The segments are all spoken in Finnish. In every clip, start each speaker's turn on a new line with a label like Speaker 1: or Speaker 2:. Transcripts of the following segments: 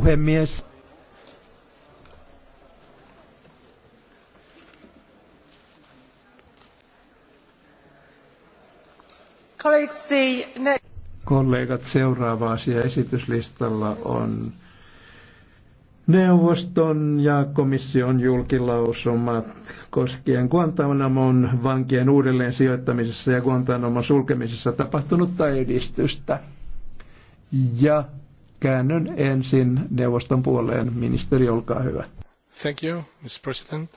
Speaker 1: puhemies. Kollegat, seuraava asia esityslistalla on neuvoston ja komission julkilausumat koskien Guantanamon vankien uudelleen sijoittamisessa ja Guantanamon sulkemisessa tapahtunutta edistystä. Ja käännön ensin neuvoston puoleen. Ministeri, olkaa hyvä.
Speaker 2: Thank you, Mr. President.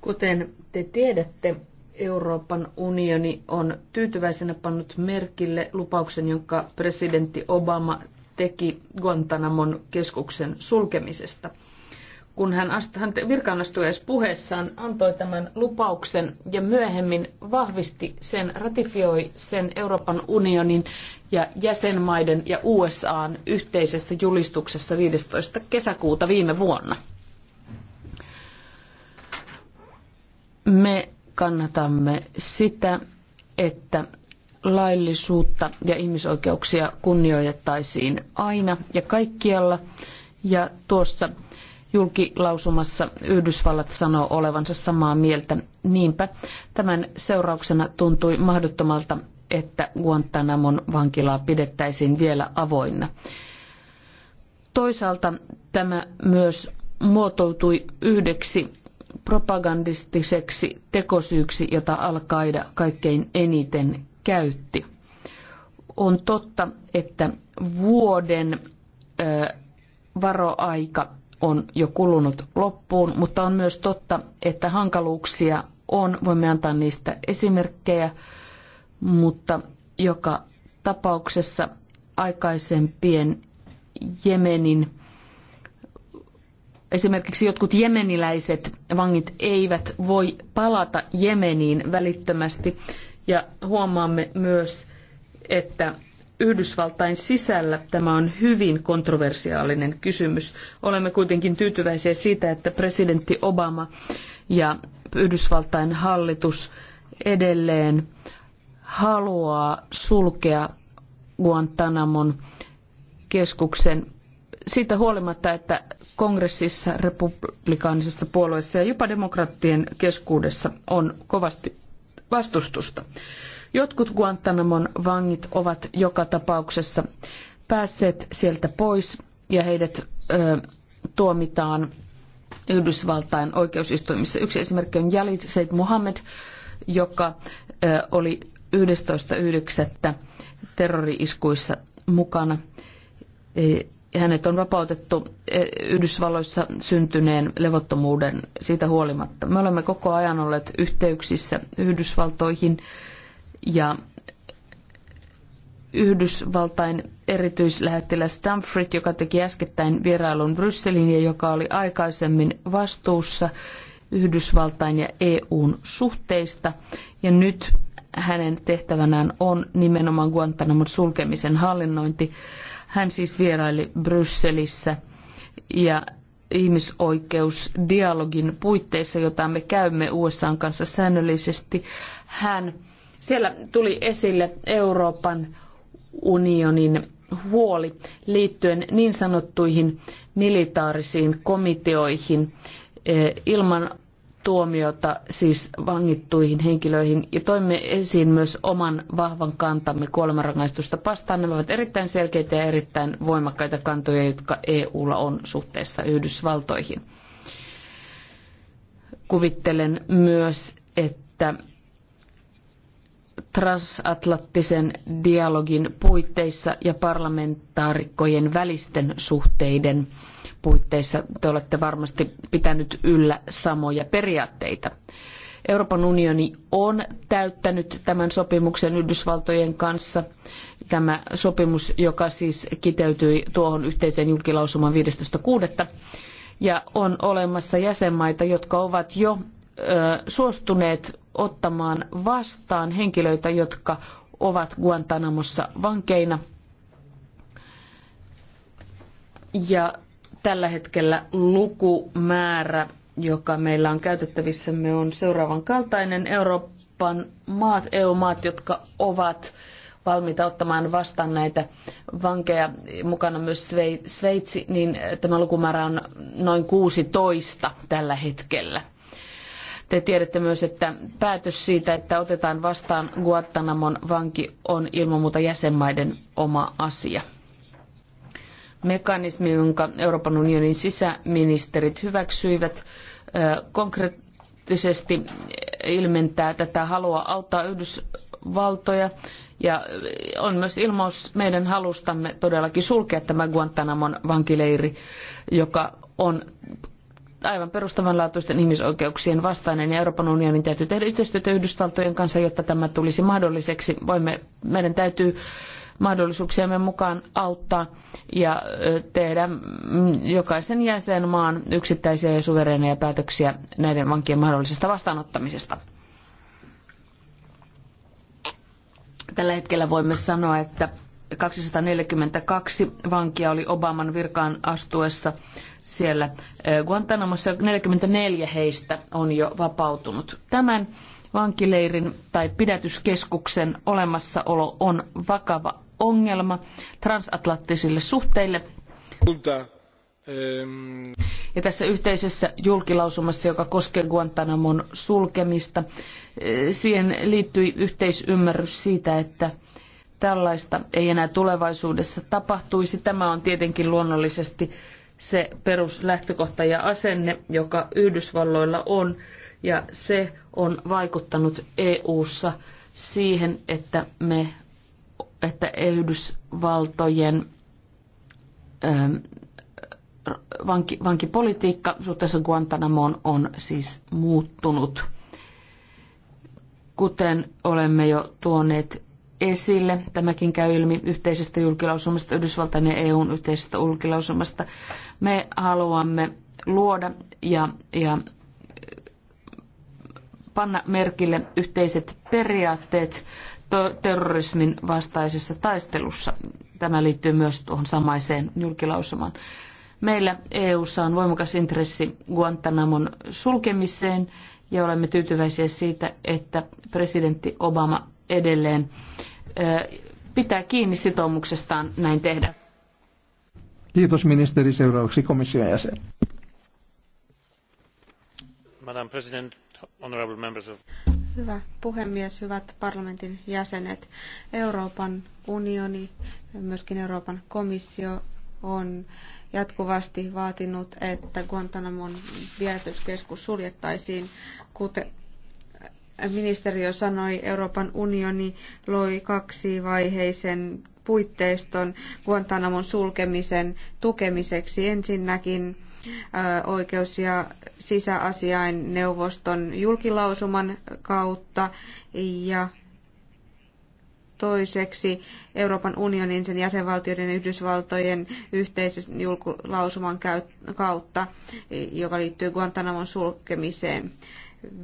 Speaker 3: Kuten te tiedätte, Euroopan unioni on tyytyväisenä pannut merkille lupauksen, jonka presidentti Obama teki Guantanamon keskuksen sulkemisesta – kun hän, ast, hän virkaan puheessaan antoi tämän lupauksen ja myöhemmin vahvisti sen, ratifioi sen Euroopan unionin ja jäsenmaiden ja USAn yhteisessä julistuksessa 15. kesäkuuta viime vuonna. Me kannatamme sitä, että laillisuutta ja ihmisoikeuksia kunnioitettaisiin aina ja kaikkialla. Ja tuossa julkilausumassa Yhdysvallat sanoo olevansa samaa mieltä. Niinpä tämän seurauksena tuntui mahdottomalta, että Guantanamon vankilaa pidettäisiin vielä avoinna. Toisaalta tämä myös muotoutui yhdeksi propagandistiseksi tekosyyksi, jota Al-Qaida kaikkein eniten käytti. On totta, että vuoden varoaika on jo kulunut loppuun, mutta on myös totta, että hankaluuksia on. Voimme antaa niistä esimerkkejä, mutta joka tapauksessa aikaisempien Jemenin Esimerkiksi jotkut jemeniläiset vangit eivät voi palata Jemeniin välittömästi. Ja huomaamme myös, että Yhdysvaltain sisällä tämä on hyvin kontroversiaalinen kysymys. Olemme kuitenkin tyytyväisiä siitä, että presidentti Obama ja Yhdysvaltain hallitus edelleen haluaa sulkea Guantanamon keskuksen siitä huolimatta, että kongressissa, republikaanisessa puolueessa ja jopa demokraattien keskuudessa on kovasti vastustusta. Jotkut Guantanamon vangit ovat joka tapauksessa päässeet sieltä pois ja heidät ö, tuomitaan Yhdysvaltain oikeusistuimissa. Yksi esimerkki on Jalid Seid Mohammed, joka ö, oli 11.9. terrori-iskuissa mukana. E, hänet on vapautettu e, Yhdysvalloissa syntyneen levottomuuden siitä huolimatta. Me olemme koko ajan olleet yhteyksissä Yhdysvaltoihin ja Yhdysvaltain erityislähettiläs Stamford, joka teki äskettäin vierailun Brysseliin ja joka oli aikaisemmin vastuussa Yhdysvaltain ja EUn suhteista. Ja nyt hänen tehtävänään on nimenomaan Guantanamon sulkemisen hallinnointi. Hän siis vieraili Brysselissä ja ihmisoikeusdialogin puitteissa, jota me käymme USAn kanssa säännöllisesti, hän siellä tuli esille Euroopan unionin huoli liittyen niin sanottuihin militaarisiin komiteoihin eh, ilman tuomiota siis vangittuihin henkilöihin ja toimme esiin myös oman vahvan kantamme kuolemanrangaistusta vastaan. Nämä ovat erittäin selkeitä ja erittäin voimakkaita kantoja, jotka EUlla on suhteessa Yhdysvaltoihin. Kuvittelen myös, että transatlanttisen dialogin puitteissa ja parlamentaarikkojen välisten suhteiden puitteissa te olette varmasti pitänyt yllä samoja periaatteita. Euroopan unioni on täyttänyt tämän sopimuksen Yhdysvaltojen kanssa. Tämä sopimus, joka siis kiteytyi tuohon yhteiseen julkilausumaan 15.6. Ja on olemassa jäsenmaita, jotka ovat jo suostuneet ottamaan vastaan henkilöitä, jotka ovat Guantanamossa vankeina. Ja tällä hetkellä lukumäärä, joka meillä on käytettävissämme, on seuraavan kaltainen. Euroopan maat, EU-maat, jotka ovat valmiita ottamaan vastaan näitä vankeja, mukana myös Sveitsi, niin tämä lukumäärä on noin 16 tällä hetkellä. Te tiedätte myös, että päätös siitä, että otetaan vastaan Guantanamon vanki, on ilman muuta jäsenmaiden oma asia. Mekanismi, jonka Euroopan unionin sisäministerit hyväksyivät, konkreettisesti ilmentää tätä halua auttaa Yhdysvaltoja. Ja on myös ilmaus meidän halustamme todellakin sulkea tämä Guantanamon vankileiri, joka on aivan perustavanlaatuisten ihmisoikeuksien vastainen ja Euroopan unionin täytyy tehdä yhteistyötä Yhdysvaltojen kanssa, jotta tämä tulisi mahdolliseksi. Voimme, meidän täytyy mahdollisuuksiamme mukaan auttaa ja tehdä mm, jokaisen jäsenmaan yksittäisiä ja suvereeneja päätöksiä näiden vankien mahdollisesta vastaanottamisesta. Tällä hetkellä voimme sanoa, että 242 vankia oli Obaman virkaan astuessa siellä Guantanamossa. 44 heistä on jo vapautunut. Tämän vankileirin tai pidätyskeskuksen olemassaolo on vakava ongelma transatlanttisille suhteille. Ja tässä yhteisessä julkilausumassa, joka koskee Guantanamon sulkemista, siihen liittyi yhteisymmärrys siitä, että tällaista ei enää tulevaisuudessa tapahtuisi. Tämä on tietenkin luonnollisesti se peruslähtökohta ja asenne, joka Yhdysvalloilla on, ja se on vaikuttanut EU:ssa siihen, että me, että Yhdysvaltojen ähm, vanki, vankipolitiikka suhteessa Guantanamoon on siis muuttunut. Kuten olemme jo tuoneet esille. Tämäkin käy ilmi yhteisestä julkilausumasta, Yhdysvaltain ja EUn yhteisestä julkilausumasta. Me haluamme luoda ja, ja eh, panna merkille yhteiset periaatteet terrorismin vastaisessa taistelussa. Tämä liittyy myös tuohon samaiseen julkilausumaan. Meillä EU:ssa on voimakas intressi Guantanamon sulkemiseen ja olemme tyytyväisiä siitä, että presidentti Obama edelleen pitää kiinni sitoumuksestaan näin tehdä.
Speaker 1: Kiitos ministeri. Seuraavaksi komission jäsen.
Speaker 2: Madam President, honorable members of...
Speaker 4: Hyvä puhemies, hyvät parlamentin jäsenet. Euroopan unioni ja myöskin Euroopan komissio on jatkuvasti vaatinut, että Guantanamon vietyskeskus suljettaisiin, kuten ministeriö sanoi, Euroopan unioni loi kaksivaiheisen puitteiston Guantanamon sulkemisen tukemiseksi. Ensinnäkin oikeus- ja sisäasiain neuvoston julkilausuman kautta ja toiseksi Euroopan unionin, sen jäsenvaltioiden ja Yhdysvaltojen yhteisen julkilausuman kautta, joka liittyy Guantanamon sulkemiseen.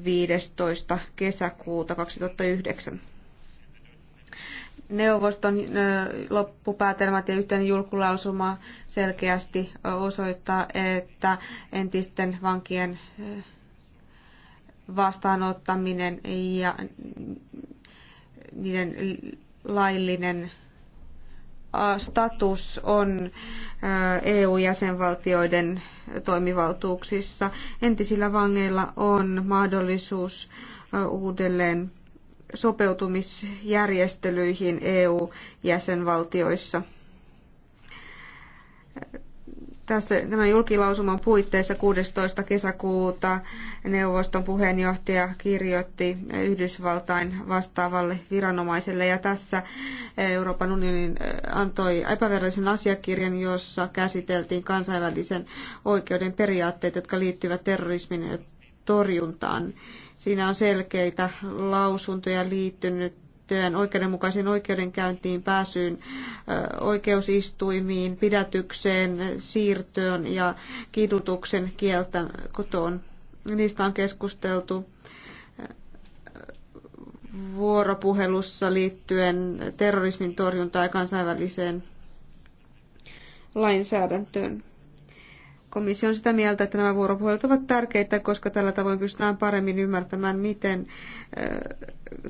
Speaker 4: 15. kesäkuuta 2009. Neuvoston loppupäätelmät ja yhteen julkulausuma selkeästi osoittaa, että entisten vankien vastaanottaminen ja niiden laillinen status on EU-jäsenvaltioiden toimivaltuuksissa. Entisillä vangeilla on mahdollisuus uudelleen sopeutumisjärjestelyihin EU-jäsenvaltioissa tässä tämän julkilausuman puitteissa 16. kesäkuuta neuvoston puheenjohtaja kirjoitti Yhdysvaltain vastaavalle viranomaiselle ja tässä Euroopan unionin eh, antoi epävirallisen asiakirjan, jossa käsiteltiin kansainvälisen oikeuden periaatteet, jotka liittyvät terrorismin torjuntaan. Siinä on selkeitä lausuntoja liittynyt liittyen oikeudenmukaisiin oikeudenkäyntiin, pääsyyn oikeusistuimiin, pidätykseen, siirtöön ja kidutuksen kieltä kotoon. Niistä on keskusteltu vuoropuhelussa liittyen terrorismin torjuntaan ja kansainväliseen lainsäädäntöön. Komissio on sitä mieltä, että nämä vuoropuhelut ovat tärkeitä, koska tällä tavoin pystytään paremmin ymmärtämään, miten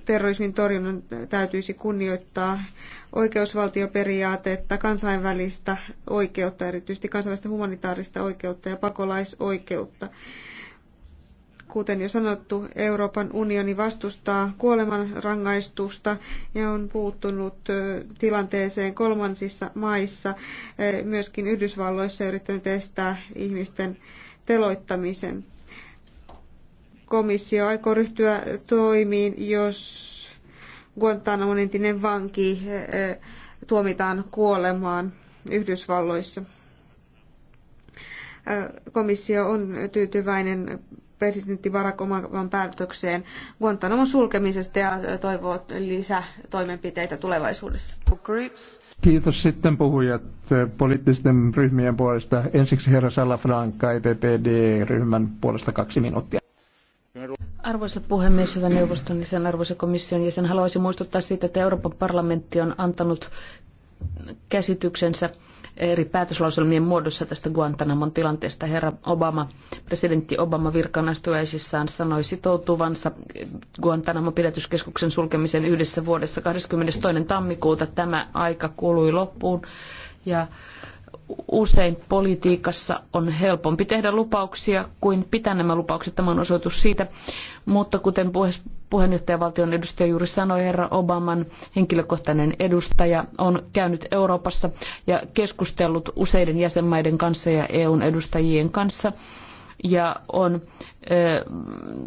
Speaker 4: terrorismin torjunnan täytyisi kunnioittaa oikeusvaltioperiaatetta, kansainvälistä oikeutta, erityisesti kansainvälistä humanitaarista oikeutta ja pakolaisoikeutta. Kuten jo sanottu, Euroopan unioni vastustaa kuolemanrangaistusta ja on puuttunut tilanteeseen kolmansissa maissa, myöskin Yhdysvalloissa yrittänyt estää ihmisten teloittamisen. Komissio aikoo ryhtyä toimiin, jos Guantanamon entinen vanki tuomitaan kuolemaan Yhdysvalloissa komissio on tyytyväinen presidentti Barack Obaman päätökseen Guantanamon sulkemisesta ja toivoo lisätoimenpiteitä tulevaisuudessa.
Speaker 1: Kiitos sitten puhujat poliittisten ryhmien puolesta. Ensiksi herra Salafranca, EPPD-ryhmän puolesta kaksi minuuttia.
Speaker 3: Arvoisa puhemies, hyvä neuvoston jäsen, arvoisa komission jäsen, haluaisin muistuttaa siitä, että Euroopan parlamentti on antanut käsityksensä eri päätöslauselmien muodossa tästä Guantanamon tilanteesta. Herra Obama, presidentti Obama virkaanastujaisissaan sanoi sitoutuvansa Guantanamon pidätyskeskuksen sulkemisen yhdessä vuodessa 22. tammikuuta. Tämä aika kului loppuun ja usein politiikassa on helpompi tehdä lupauksia kuin pitää nämä lupaukset. Tämä on osoitus siitä. Mutta kuten puheenjohtajavaltion edustaja juuri sanoi, herra Obaman henkilökohtainen edustaja on käynyt Euroopassa ja keskustellut useiden jäsenmaiden kanssa ja EUn edustajien kanssa ja on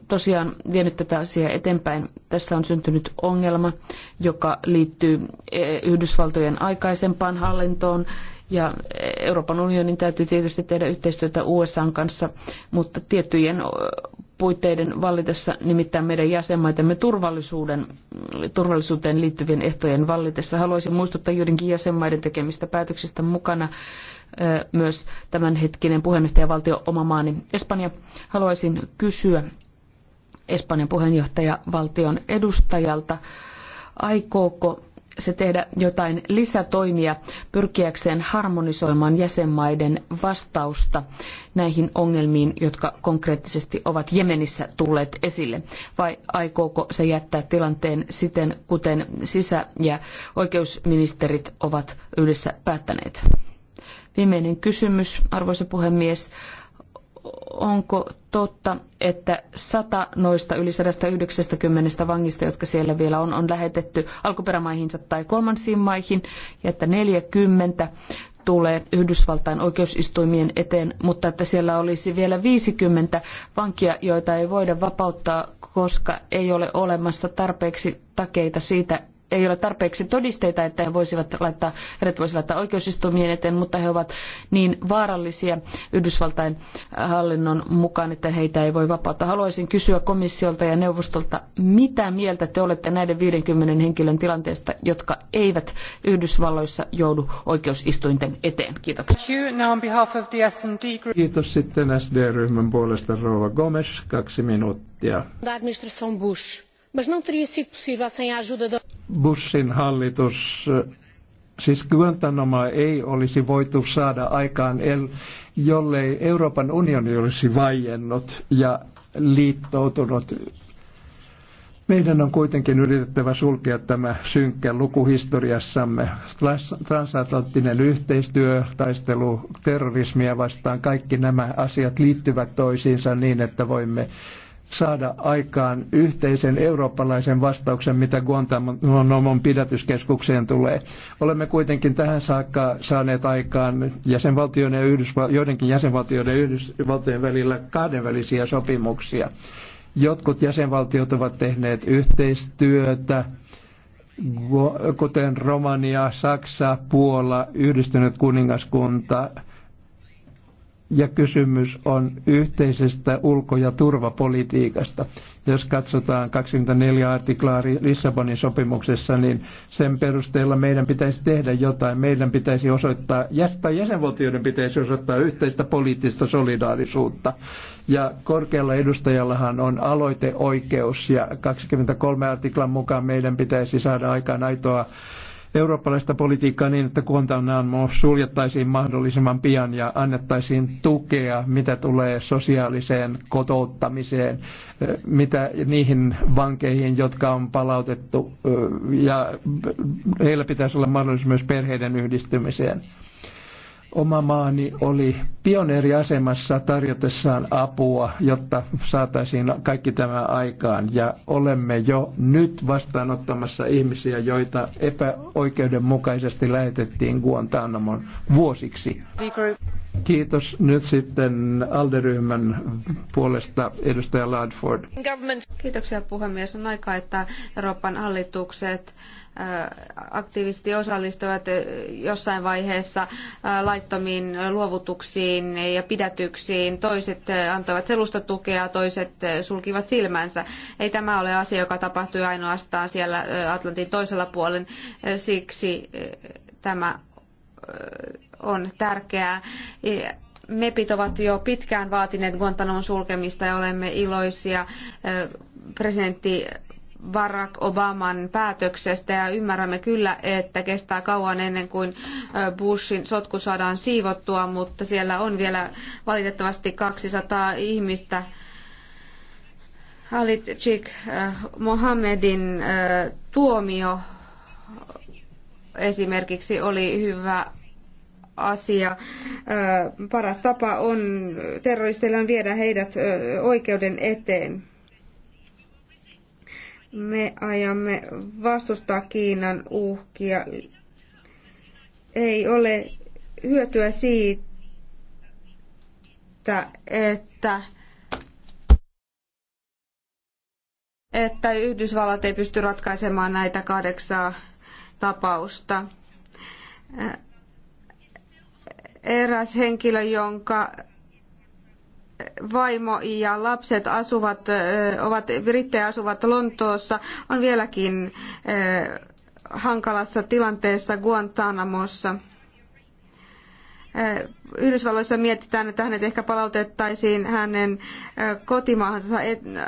Speaker 3: tosiaan vienyt tätä asiaa eteenpäin. Tässä on syntynyt ongelma, joka liittyy e, Yhdysvaltojen aikaisempaan hallintoon ja Euroopan unionin täytyy tietysti tehdä yhteistyötä USAn kanssa, mutta tiettyjen puitteiden vallitessa, nimittäin meidän jäsenmaitemme turvallisuuden, turvallisuuteen liittyvien ehtojen vallitessa. Haluaisin muistuttaa joidenkin jäsenmaiden tekemistä päätöksistä mukana myös tämänhetkinen puheenjohtajavaltio oma maani Espanja. Haluaisin kysyä Espanjan puheenjohtajavaltion edustajalta, aikooko se tehdä jotain lisätoimia pyrkiäkseen harmonisoimaan jäsenmaiden vastausta näihin ongelmiin, jotka konkreettisesti ovat Jemenissä tulleet esille? Vai aikooko se jättää tilanteen siten, kuten sisä- ja oikeusministerit ovat yhdessä päättäneet? Viimeinen kysymys, arvoisa puhemies onko totta, että sata noista yli 190 vangista, jotka siellä vielä on, on lähetetty alkuperämaihinsa tai kolmansiin maihin, ja että 40 tulee Yhdysvaltain oikeusistuimien eteen, mutta että siellä olisi vielä 50 vankia, joita ei voida vapauttaa, koska ei ole olemassa tarpeeksi takeita siitä, ei ole tarpeeksi todisteita, että he voisivat laittaa, heidät voisi laittaa eteen, mutta he ovat niin vaarallisia Yhdysvaltain äh, hallinnon mukaan, että heitä ei voi vapauttaa. Haluaisin kysyä komissiolta ja neuvostolta, mitä mieltä te olette näiden 50 henkilön tilanteesta, jotka eivät Yhdysvalloissa joudu oikeusistuinten eteen? Kiitoksia.
Speaker 1: Kiitos sitten SD-ryhmän puolesta Rova Gomes, kaksi minuuttia.
Speaker 3: Bush mas não teria sido possível sem a ajuda da...
Speaker 1: Bushin hallitus, siis Guantanamo ei olisi voitu saada aikaan, el, jollei Euroopan unioni olisi vaiennut ja liittoutunut meidän on kuitenkin yritettävä sulkea tämä synkkä luku historiassamme. Transatlanttinen yhteistyö, taistelu terrorismia vastaan, kaikki nämä asiat liittyvät toisiinsa niin, että voimme saada aikaan yhteisen eurooppalaisen vastauksen, mitä Guantanamon pidätyskeskukseen tulee. Olemme kuitenkin tähän saakka saaneet aikaan jäsenvaltioiden ja Yhdysval- joidenkin jäsenvaltioiden ja Yhdysvaltojen välillä kahdenvälisiä sopimuksia. Jotkut jäsenvaltiot ovat tehneet yhteistyötä, kuten Romania, Saksa, Puola, Yhdistynyt kuningaskunta – ja kysymys on yhteisestä ulko- ja turvapolitiikasta. Jos katsotaan 24 artiklaa Lissabonin sopimuksessa, niin sen perusteella meidän pitäisi tehdä jotain. Meidän pitäisi osoittaa, tai jäsenvaltioiden pitäisi osoittaa yhteistä poliittista solidaarisuutta. Ja korkealla edustajallahan on aloiteoikeus, ja 23 artiklan mukaan meidän pitäisi saada aikaan aitoa eurooppalaista politiikkaa niin, että Guantanamo suljettaisiin mahdollisimman pian ja annettaisiin tukea, mitä tulee sosiaaliseen kotouttamiseen, mitä niihin vankeihin, jotka on palautettu, ja heillä pitäisi olla mahdollisuus myös perheiden yhdistymiseen. Oma maani oli pioneeriasemassa tarjotessaan apua, jotta saataisiin kaikki tämä aikaan. Ja olemme jo nyt vastaanottamassa ihmisiä, joita epäoikeudenmukaisesti lähetettiin Guantanamon vuosiksi. Kiitos nyt sitten Alderyhmän puolesta edustaja Ladford.
Speaker 4: Kiitoksia puhemies. On aika, että Euroopan hallitukset aktiivisesti osallistuvat jossain vaiheessa laittomiin luovutuksiin ja pidätyksiin. Toiset antoivat selusta tukea, toiset sulkivat silmänsä. Ei tämä ole asia, joka tapahtui ainoastaan siellä Atlantin toisella puolen. Siksi tämä on tärkeää. MEPit ovat jo pitkään vaatineet Guantanamon sulkemista ja olemme iloisia presidentti Barack Obaman päätöksestä ja ymmärrämme kyllä, että kestää kauan ennen kuin Bushin sotku saadaan siivottua, mutta siellä on vielä valitettavasti 200 ihmistä. Halit Chik Mohammedin tuomio esimerkiksi oli hyvä asia. Paras tapa on terroristeilla on viedä heidät oikeuden eteen. Me ajamme vastustaa Kiinan uhkia. Ei ole hyötyä siitä, että että Yhdysvallat ei pysty ratkaisemaan näitä kahdeksaa tapausta. Eräs henkilö, jonka vaimo ja lapset asuvat, ovat, brittejä asuvat Lontoossa, on vieläkin hankalassa tilanteessa Guantanamossa. Yhdysvalloissa mietitään, että hänet ehkä palautettaisiin hänen kotimaahansa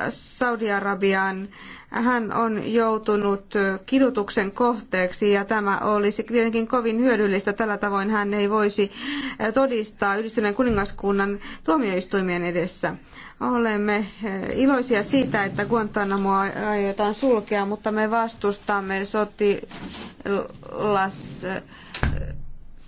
Speaker 4: Saudi-Arabiaan hän on joutunut kidutuksen kohteeksi ja tämä olisi tietenkin kovin hyödyllistä. Tällä tavoin hän ei voisi todistaa yhdistyneen kuningaskunnan tuomioistuimien edessä. Olemme iloisia siitä, että Guantanamoa aiotaan sulkea, mutta me vastustamme
Speaker 1: sotilas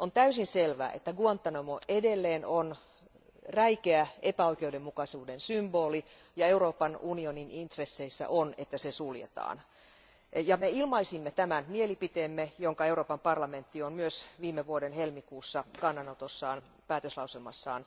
Speaker 5: on täysin selvää että guantnamo edelleen on räikeä epäoikeudenmukaisuuden symboli ja euroopan unionin intresseissä on että se suljetaan. me ilmaisimme tämän mielipiteemme jonka euroopan parlamentti on myös viime vuoden helmikuussa kannanotossaan päätöslauselmassaan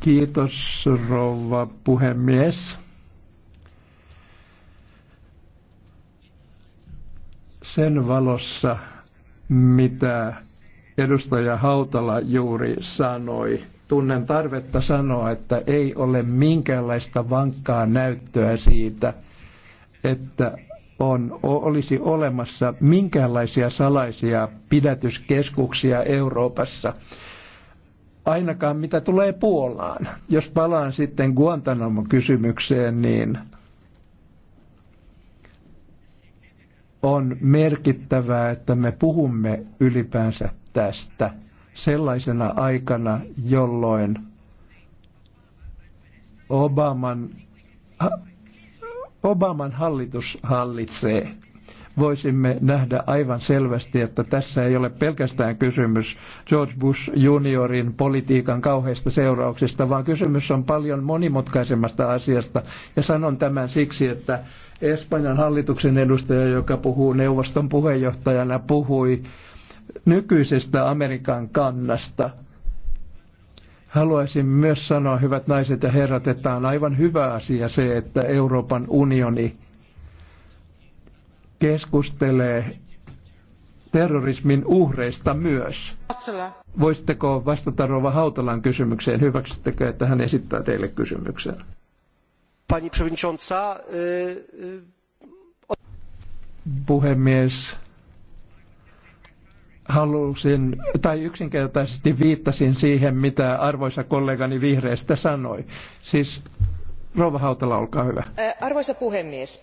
Speaker 1: Kiitos rouva puhemies. Sen valossa, mitä edustaja Hautala juuri sanoi, tunnen tarvetta sanoa, että ei ole minkäänlaista vankkaa näyttöä siitä, että on, olisi olemassa minkäänlaisia salaisia pidätyskeskuksia Euroopassa – ainakaan mitä tulee Puolaan. Jos palaan sitten Guantanamo-kysymykseen, niin on merkittävää, että me puhumme ylipäänsä tästä sellaisena aikana, jolloin Obaman, Obaman hallitus hallitsee voisimme nähdä aivan selvästi, että tässä ei ole pelkästään kysymys George Bush juniorin politiikan kauheista seurauksista, vaan kysymys on paljon monimutkaisemmasta asiasta. Ja sanon tämän siksi, että Espanjan hallituksen edustaja, joka puhuu neuvoston puheenjohtajana, puhui nykyisestä Amerikan kannasta. Haluaisin myös sanoa, hyvät naiset ja herrat, että on aivan hyvä asia se, että Euroopan unioni keskustelee terrorismin uhreista myös. Voisitteko vastata Rova Hautalan kysymykseen? Hyväksyttekö, että hän esittää teille kysymyksen?
Speaker 2: Pani przewodnicząca,
Speaker 1: puhemies, halusin, tai yksinkertaisesti viittasin siihen, mitä arvoisa kollegani vihreistä sanoi. Siis Rova Hautala, olkaa hyvä.
Speaker 5: Arvoisa puhemies,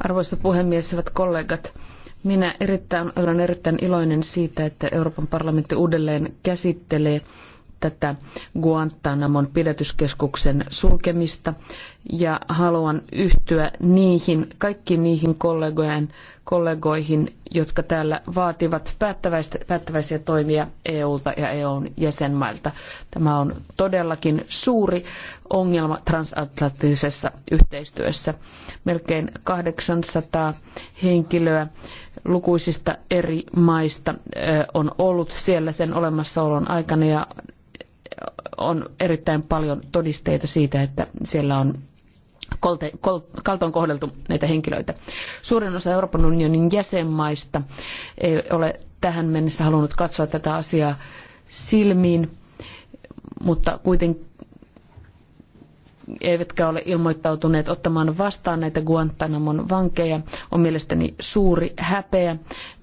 Speaker 1: Arvoisa puhemies, hyvät kollegat.
Speaker 3: Minä erittäin, olen erittäin iloinen siitä, että Euroopan parlamentti uudelleen käsittelee tätä Guantanamon pidätyskeskuksen sulkemista ja haluan yhtyä niihin, kaikkiin niihin kollegojen kollegoihin, jotka täällä vaativat päättäväisiä toimia EUlta ja EUn jäsenmailta. Tämä on todellakin suuri ongelma transatlanttisessa yhteistyössä. Melkein 800 henkilöä lukuisista eri maista on ollut siellä sen olemassaolon aikana ja on erittäin paljon todisteita siitä, että siellä on kolte, kaltoin kohdeltu näitä henkilöitä. Suurin osa Euroopan unionin jäsenmaista ei ole tähän mennessä halunnut katsoa tätä asiaa silmiin, mutta kuitenkin eivätkä ole ilmoittautuneet ottamaan vastaan näitä Guantanamon vankeja, on mielestäni suuri häpeä.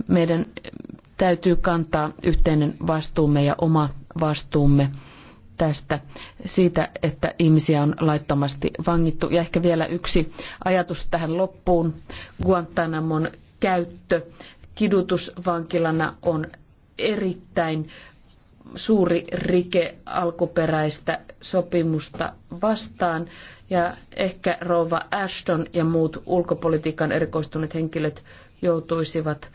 Speaker 3: Meidän täytyy kantaa yhteinen vastuumme ja oma vastuumme tästä, siitä, että ihmisiä on laittomasti vangittu. Ja ehkä vielä yksi ajatus tähän loppuun. Guantanamon käyttö kidutusvankilana on erittäin suuri rike alkuperäistä sopimusta vastaan. Ja ehkä rouva Ashton ja muut ulkopolitiikan erikoistuneet henkilöt joutuisivat,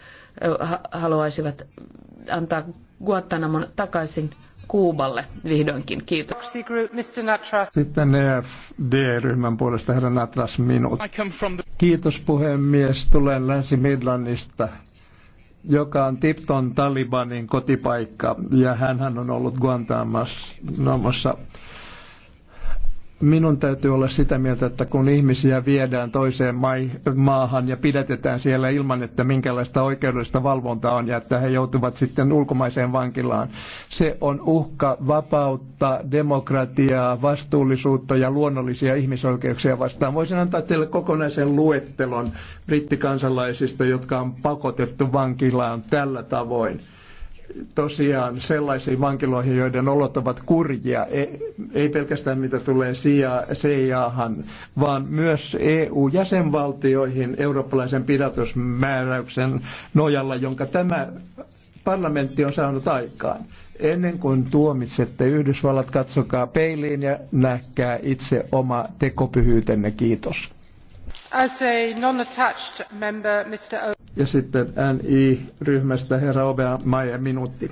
Speaker 3: haluaisivat antaa Guantanamon takaisin Kuuballe vihdoinkin. Kiitos.
Speaker 1: Sitten EFD-ryhmän puolesta herra Natras minut. Kiitos puhemies. Tulen Länsi-Midlandista joka on Tipton Talibanin kotipaikka, ja hän on ollut Guantanamossa minun täytyy olla sitä mieltä, että kun ihmisiä viedään toiseen maahan ja pidätetään siellä ilman, että minkälaista oikeudellista valvontaa on ja että he joutuvat sitten ulkomaiseen vankilaan, se on uhka vapautta, demokratiaa, vastuullisuutta ja luonnollisia ihmisoikeuksia vastaan. Voisin antaa teille kokonaisen luettelon brittikansalaisista, jotka on pakotettu vankilaan tällä tavoin tosiaan sellaisiin vankiloihin, joiden olot ovat kurjia, e, ei pelkästään mitä tulee CIAhan, vaan myös EU-jäsenvaltioihin eurooppalaisen pidätysmääräyksen nojalla, jonka tämä parlamentti on saanut aikaan. Ennen kuin tuomitsette Yhdysvallat, katsokaa peiliin ja nähkää itse oma tekopyhyytenne. Kiitos.
Speaker 6: As a non
Speaker 1: Ja sitten NI-ryhmästä herra Obea Maija minuutti.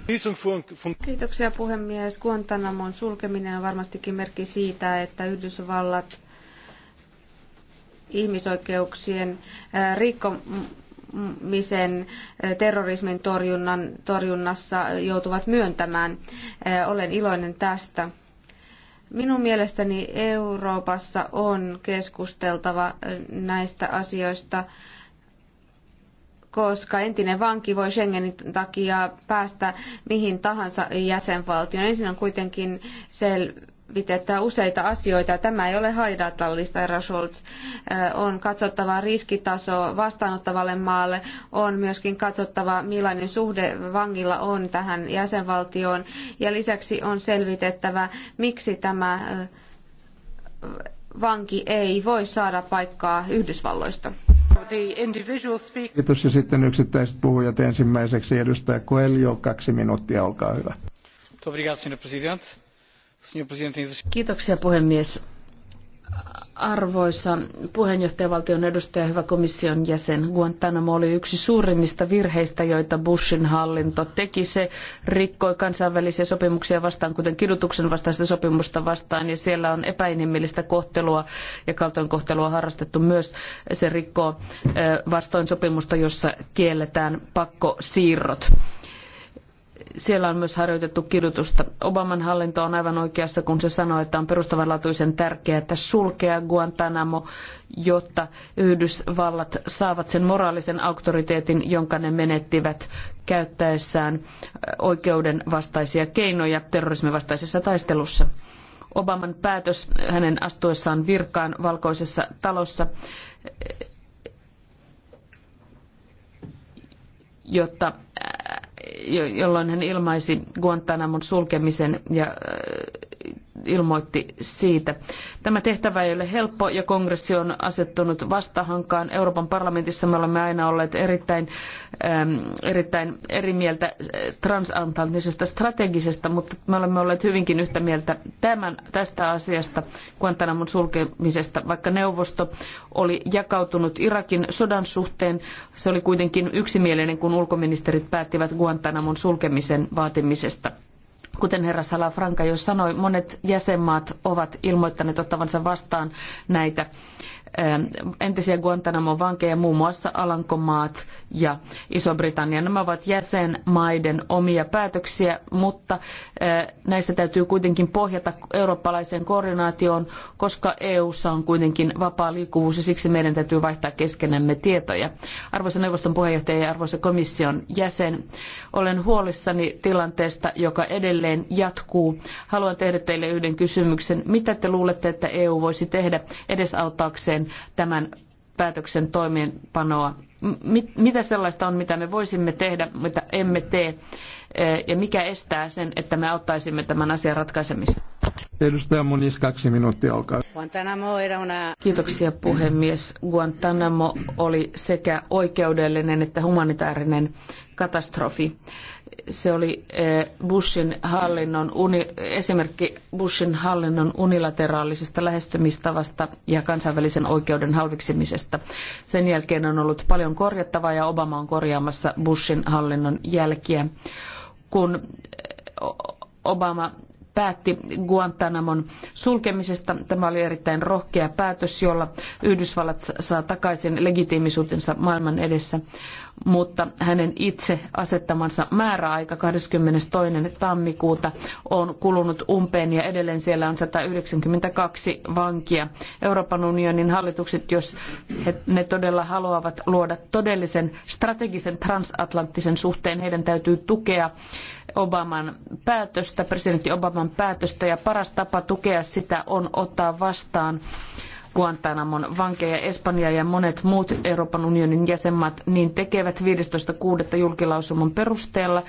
Speaker 6: Kiitoksia puhemies.
Speaker 4: Guantanamon sulkeminen on varmastikin merkki siitä, että Yhdysvallat ihmisoikeuksien rikkomisen terrorismin torjunnan, torjunnassa joutuvat myöntämään. Olen iloinen tästä. Minun mielestäni Euroopassa on keskusteltava näistä asioista, koska entinen vanki voi Schengenin takia päästä mihin tahansa jäsenvaltioon. Ensin on kuitenkin sel- vitettää useita asioita. Tämä ei ole haidatallista, herra Scholz. On katsottava riskitaso vastaanottavalle maalle, on myöskin katsottava millainen suhde vangilla on tähän jäsenvaltioon ja lisäksi on selvitettävä, miksi tämä vanki ei voi saada paikkaa Yhdysvalloista.
Speaker 1: Kiitos ja sitten yksittäiset puhujat ensimmäiseksi edustaja Coelho, kaksi minuuttia, olkaa hyvä. Obrigado, senhor
Speaker 3: presidente. Kiitoksia puhemies. Arvoisa puheenjohtajavaltion edustaja, hyvä komission jäsen, Guantanamo oli yksi suurimmista virheistä, joita Bushin hallinto teki. Se rikkoi kansainvälisiä sopimuksia vastaan, kuten kidutuksen vastaista sopimusta vastaan, ja siellä on epäinhimillistä kohtelua ja kaltoinkohtelua harrastettu myös. Se rikkoo vastoin sopimusta, jossa kielletään pakkosiirrot. siirrot siellä on myös harjoitettu kidutusta. Obaman hallinto on aivan oikeassa, kun se sanoo, että on perustavanlaatuisen tärkeää että sulkea Guantanamo, jotta Yhdysvallat saavat sen moraalisen auktoriteetin, jonka ne menettivät käyttäessään oikeudenvastaisia keinoja terrorismin vastaisessa taistelussa. Obaman päätös hänen astuessaan virkaan valkoisessa talossa jotta jolloin hän ilmaisi Guantanamon sulkemisen ja ilmoitti siitä. Tämä tehtävä ei ole helppo ja kongressi on asettunut vastahankaan. Euroopan parlamentissa me olemme aina olleet erittäin, ähm, erittäin eri mieltä äh, transatlanttisesta strategisesta, mutta me olemme olleet hyvinkin yhtä mieltä tämän, tästä asiasta Guantanamon sulkemisesta, vaikka neuvosto oli jakautunut Irakin sodan suhteen. Se oli kuitenkin yksimielinen, kun ulkoministerit päättivät Guantanamon sulkemisen vaatimisesta. Kuten herra Salafranca jo sanoi, monet jäsenmaat ovat ilmoittaneet ottavansa vastaan näitä Ähm, entisiä Guantanamon vankeja, muun muassa Alankomaat ja Iso-Britannia. Nämä ovat jäsenmaiden omia päätöksiä, mutta äh, näissä täytyy kuitenkin pohjata eurooppalaiseen koordinaatioon, koska EU:ssa on kuitenkin vapaa liikkuvuus ja siksi meidän täytyy vaihtaa keskenämme tietoja. Arvoisa neuvoston puheenjohtaja ja arvoisa komission jäsen, olen huolissani tilanteesta, joka edelleen jatkuu. Haluan tehdä teille yhden kysymyksen. Mitä te luulette, että EU voisi tehdä edesauttaakseen sitten tämän päätöksen toimeenpanoa? Mitä sellaista on, mitä me voisimme tehdä, mitä emme tee? Eh, ja mikä estää sen, että me auttaisimme tämän asian ratkaisemista?
Speaker 1: Edustaja Munis, kaksi minuuttia, olkaa
Speaker 3: hyvä. una... Kiitoksia puhemies. Guantanamo oli sekä oikeudellinen että humanitaarinen katastrofi se oli eh, Bushin hallinnon, esimerkki Bushin hallinnon unilateraalisesta lähestymistavasta ja kansainvälisen oikeuden halviksimisesta. Sen jälkeen on ollut paljon korjattavaa ja Obama on korjaamassa Bushin hallinnon jälkiä. Kun eh, Obama päätti Guantanamon sulkemisesta. Tämä oli erittäin rohkea päätös, jolla Yhdysvallat saa takaisin legitiimisuutensa maailman edessä mutta hänen itse asettamansa määräaika 22. tammikuuta on kulunut umpeen ja edelleen siellä on 192 vankia. Euroopan unionin hallitukset, jos he, ne todella haluavat luoda todellisen strategisen transatlanttisen suhteen, heidän täytyy tukea Obaman päätöstä, presidentti Obaman päätöstä ja paras tapa tukea sitä on ottaa vastaan Guantanamon vankeja. Espanja ja monet muut Euroopan unionin jäsenmaat niin tekevät 15.6. julkilausuman perusteella.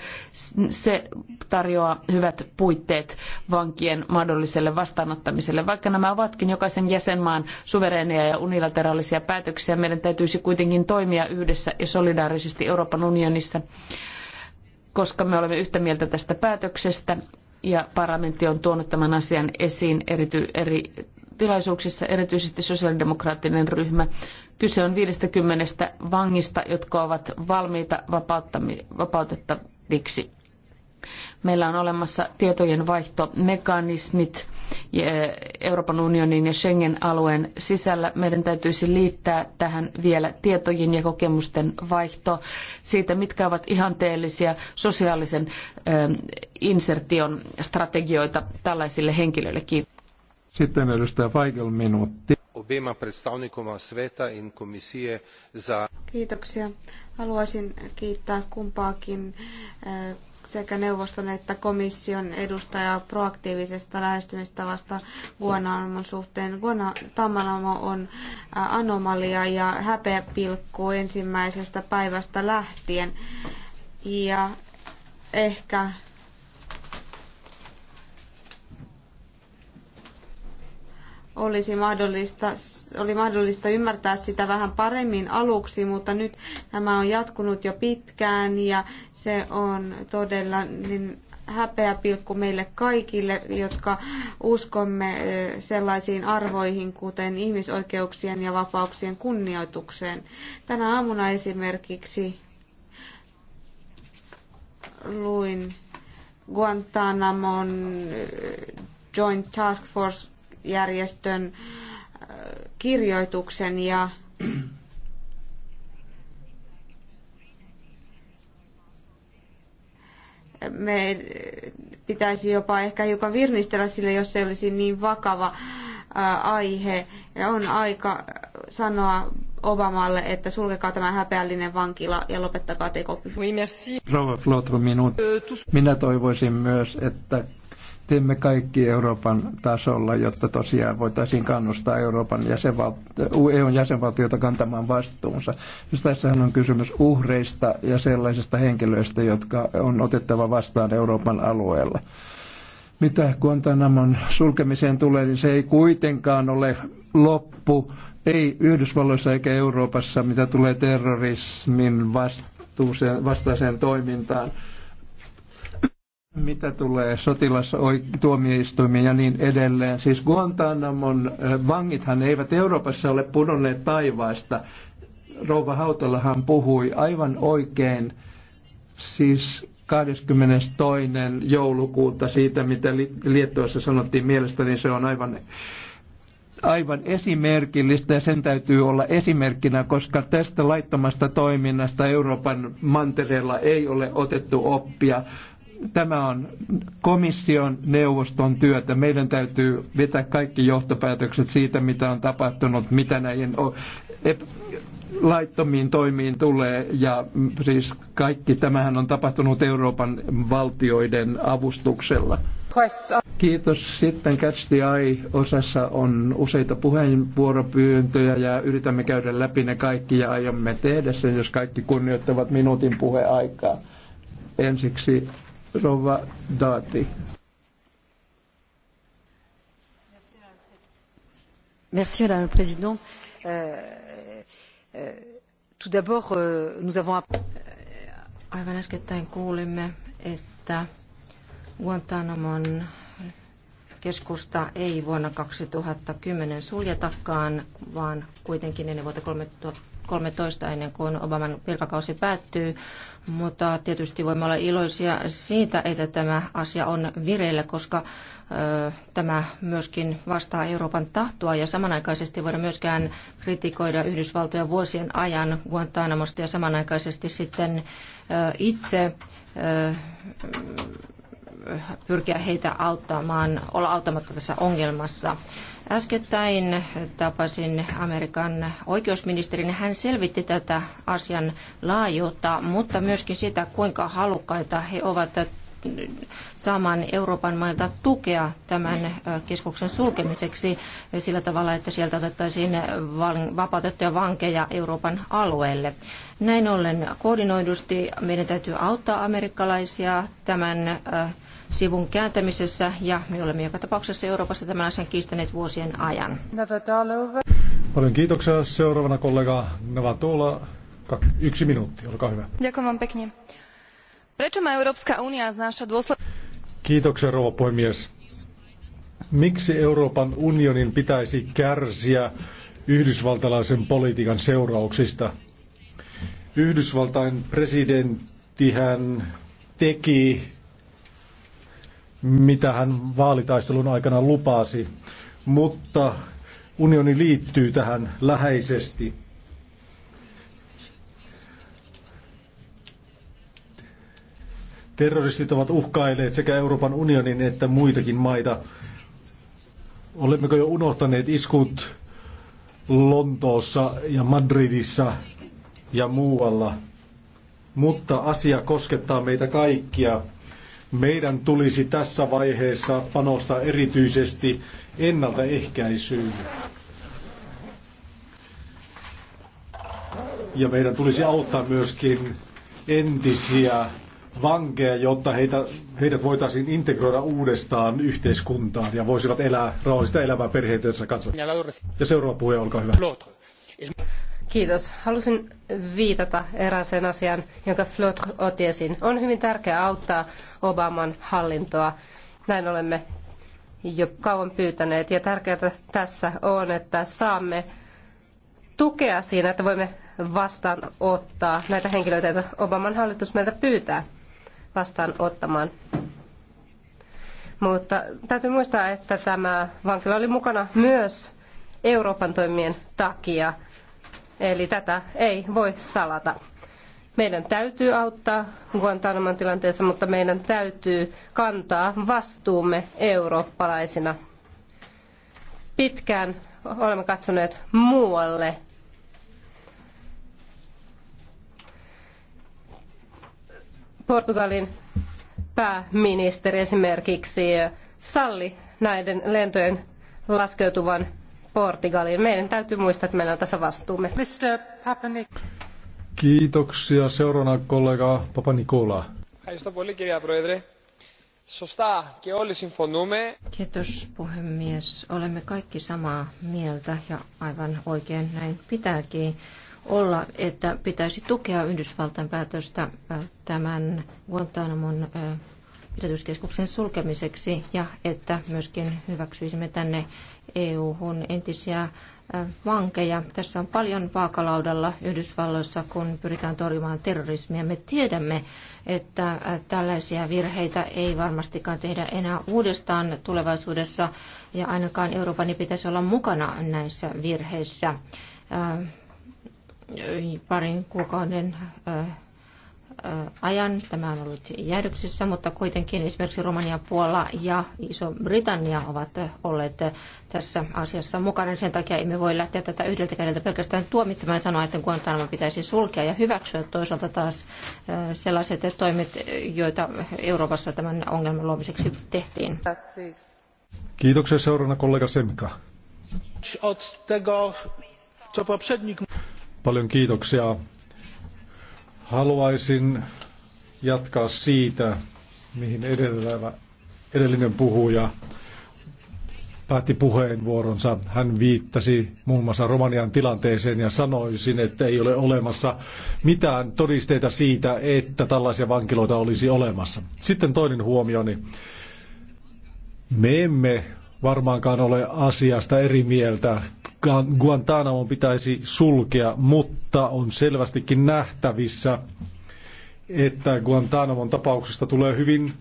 Speaker 3: Se tarjoaa hyvät puitteet vankien mahdolliselle vastaanottamiselle. Vaikka nämä ovatkin jokaisen jäsenmaan suvereeneja ja unilateraalisia päätöksiä, meidän täytyisi kuitenkin toimia yhdessä ja solidaarisesti Euroopan unionissa koska me olemme yhtä mieltä tästä päätöksestä ja parlamentti on tuonut tämän asian esiin erity, eri tilaisuuksissa erityisesti sosiaalidemokraattinen ryhmä. Kyse on 50 vangista, jotka ovat valmiita vapautettaviksi. Meillä on olemassa tietojen eh, Euroopan unionin ja Schengen-alueen sisällä. Meidän täytyisi liittää tähän vielä tietojen ja kokemusten vaihto siitä, mitkä ovat ihanteellisia sosiaalisen eh, insertion strategioita tällaisille henkilöille. Kiitos.
Speaker 1: Sitten edustaja Feigl minuutti. Obema predstavnikoma sveta in komisije za...
Speaker 4: Kiitoksia. Haluaisin kiittää kumpaakin eh, sekä neuvoston että komission edustajaa proaktiivisesta lähestymistavasta Guananamon suhteen. Guantanamo on eh, anomalia ja häpeäpilkku ensimmäisestä päivästä lähtien. Ja ehkä olisi mahdollista, oli mahdollista ymmärtää sitä vähän paremmin aluksi, mutta nyt tämä on jatkunut jo pitkään ja se on todella niin pilkku meille kaikille, jotka uskomme sellaisiin arvoihin, kuten ihmisoikeuksien ja vapauksien kunnioitukseen. Tänä aamuna esimerkiksi luin Guantanamon Joint Task Force järjestön äh, kirjoituksen ja me pitäisi jopa ehkä hiukan virnistellä sille, jos se olisi niin vakava äh, aihe. Ja on aika sanoa Obamalle, että sulkekaa tämä häpeällinen vankila ja lopettakaa tekopyhä.
Speaker 1: Rouva euh, Minä toivoisin myös, että teemme kaikki Euroopan tasolla, jotta tosiaan voitaisiin kannustaa Euroopan jäsenvaltio, EUn jäsenvaltiota kantamaan vastuunsa. Siis tässähän on kysymys uhreista ja sellaisista henkilöistä, jotka on otettava vastaan Euroopan alueella. Mitä Guantanamon sulkemiseen tulee, niin se ei kuitenkaan ole loppu, ei Yhdysvalloissa eikä Euroopassa, mitä tulee terrorismin vastuuseen, vastaiseen toimintaan mitä tulee sotilastuomioistuimiin ja niin edelleen, siis Guantanamon äh, vangithan eivät Euroopassa ole pudonneet taivaasta. Rouva Hautalahan puhui aivan oikein, siis 22. joulukuuta siitä, mitä Liettuassa sanottiin mielestäni, niin se on aivan aivan esimerkillistä ja sen täytyy olla esimerkkinä, koska tästä laittomasta toiminnasta Euroopan mantereella ei ole otettu oppia. Tämä on komission neuvoston työtä. Meidän täytyy vetää kaikki johtopäätökset siitä, mitä on tapahtunut, mitä näihin laittomiin toimiin tulee. Ja siis kaikki tämähän on tapahtunut Euroopan valtioiden avustuksella. Kiitos. Sitten Catch the Eye-osassa on useita puheenvuoropyyntöjä ja yritämme käydä läpi ne kaikki ja aiomme tehdä sen, jos kaikki kunnioittavat minuutin puheaikaa. Ensiksi rouva Daati. Merci Madame la Présidente.
Speaker 5: Euh, euh, tout d'abord, euh, nous avons
Speaker 7: aivan äskettäin kuulimme, että Guantanamon keskusta ei vuonna 2010 suljetakaan, vaan kuitenkin ennen vuotta 2000 2013 ennen kuin Obaman virkakausi päättyy, mutta tietysti voimme olla iloisia siitä, että tämä asia on vireillä, koska tämä myöskin vastaa Euroopan tahtoa ja samanaikaisesti voidaan myöskään kritikoida Yhdysvaltoja vuosien ajan Guantanamosta ja samanaikaisesti sitten itse pyrkiä heitä auttamaan, olla auttamatta tässä ongelmassa. Äskettäin tapasin Amerikan oikeusministerin hän selvitti tätä asian laajuutta, mutta myöskin sitä, kuinka halukkaita he ovat saamaan Euroopan mailta tukea tämän keskuksen sulkemiseksi sillä tavalla, että sieltä otettaisiin vapautettuja vankeja Euroopan alueelle. Näin ollen koordinoidusti meidän täytyy auttaa amerikkalaisia tämän sivun kääntämisessä ja me olemme joka tapauksessa Euroopassa tämän asian kiistäneet vuosien ajan.
Speaker 2: Paljon kiitoksia. Seuraavana kollega Navatola. Yksi minuutti, olkaa hyvä. Kiitoksia rouva puhemies. Miksi Euroopan unionin pitäisi kärsiä yhdysvaltalaisen politiikan seurauksista? Yhdysvaltain presidenttihän teki mitä hän vaalitaistelun aikana lupasi, mutta unioni liittyy tähän läheisesti. Terroristit ovat uhkailleet sekä Euroopan unionin että muitakin maita. Olemmeko jo unohtaneet iskut Lontoossa ja Madridissa ja muualla? Mutta asia koskettaa meitä kaikkia. Meidän tulisi tässä vaiheessa panostaa erityisesti ennaltaehkäisyyn. Ja meidän tulisi auttaa myöskin entisiä vankeja, jotta heitä, heidät voitaisiin integroida uudestaan yhteiskuntaan ja voisivat elää rauhallista elämää perheitensä kanssa. Ja seuraava puhe, olkaa hyvä.
Speaker 6: Kiitos. Halusin viitata erääseen asiaan, jonka Flot otti esiin. On hyvin tärkeää auttaa Obaman hallintoa. Näin olemme jo kauan pyytäneet. Ja tärkeää tässä on, että saamme tukea siinä, että voimme vastaanottaa näitä henkilöitä, joita Obaman hallitus meiltä pyytää vastaanottamaan. Mutta täytyy muistaa, että tämä vankila oli mukana myös Euroopan toimien takia. Eli tätä ei voi salata. Meidän täytyy auttaa Guantanamon tilanteessa, mutta meidän täytyy kantaa vastuumme eurooppalaisina. Pitkään olemme katsoneet muualle. Portugalin pääministeri esimerkiksi salli näiden lentojen laskeutuvan Portugaliin. Meidän täytyy muistaa, että meillä on tässä vastuumme. Mr. Papanik.
Speaker 2: Kiitoksia. Seuraavana kollega Papa Nikola.
Speaker 7: Kiitos puhemies. Olemme kaikki samaa mieltä ja aivan oikein näin pitääkin olla, että pitäisi tukea Yhdysvaltain päätöstä äh, tämän Guantanamon äh, pidätyskeskuksen sulkemiseksi ja että myöskin hyväksyisimme tänne EU-hun entisiä vankeja. Tässä on paljon vaakalaudalla Yhdysvalloissa, kun pyritään torjumaan terrorismia. Me tiedämme, että tällaisia virheitä ei varmastikaan tehdä enää uudestaan tulevaisuudessa, ja ainakaan Euroopan ei pitäisi olla mukana näissä virheissä. Parin kuukauden Äh, ajan. Tämä on ollut jäädyksessä, mutta kuitenkin esimerkiksi Romania, Puola ja Iso-Britannia ovat olleet tässä asiassa mukana. Sen takia emme voi lähteä tätä yhdeltä kädeltä pelkästään tuomitsemaan ja sanoa, että Guantanamo pitäisi sulkea ja hyväksyä toisaalta taas äh, sellaiset toimet, joita Euroopassa tämän ongelman luomiseksi tehtiin.
Speaker 2: Kiitoksia seurana kollega Semka. Paljon kiitoksia Haluaisin jatkaa siitä, mihin edellä, edellinen puhuja päätti puheenvuoronsa. Hän viittasi muun muassa Romanian tilanteeseen ja sanoisin, että ei ole olemassa mitään todisteita siitä, että tällaisia vankiloita olisi olemassa. Sitten toinen huomioni. Me emme varmaankaan ole asiasta eri mieltä. Guantanamo pitäisi sulkea, mutta on selvästikin nähtävissä, että Guantanamon tapauksesta tulee hyvin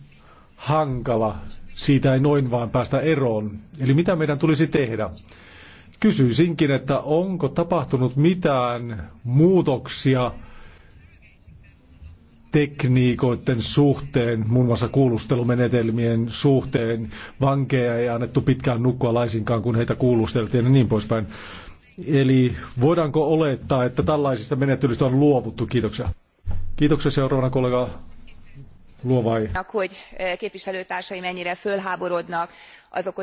Speaker 2: hankala. Siitä ei noin vaan päästä eroon. Eli mitä meidän tulisi tehdä? Kysyisinkin, että onko tapahtunut mitään muutoksia tekniikoiden suhteen, muun muassa kuulustelumenetelmien suhteen. Vankeja ei annettu pitkään nukkua laisinkaan, kun heitä kuulusteltiin ja niin poispäin. Eli voidaanko olettaa, että tällaisista menettelyistä on luovuttu? Kiitoksia. Kiitoksia seuraavana kollega Luovai.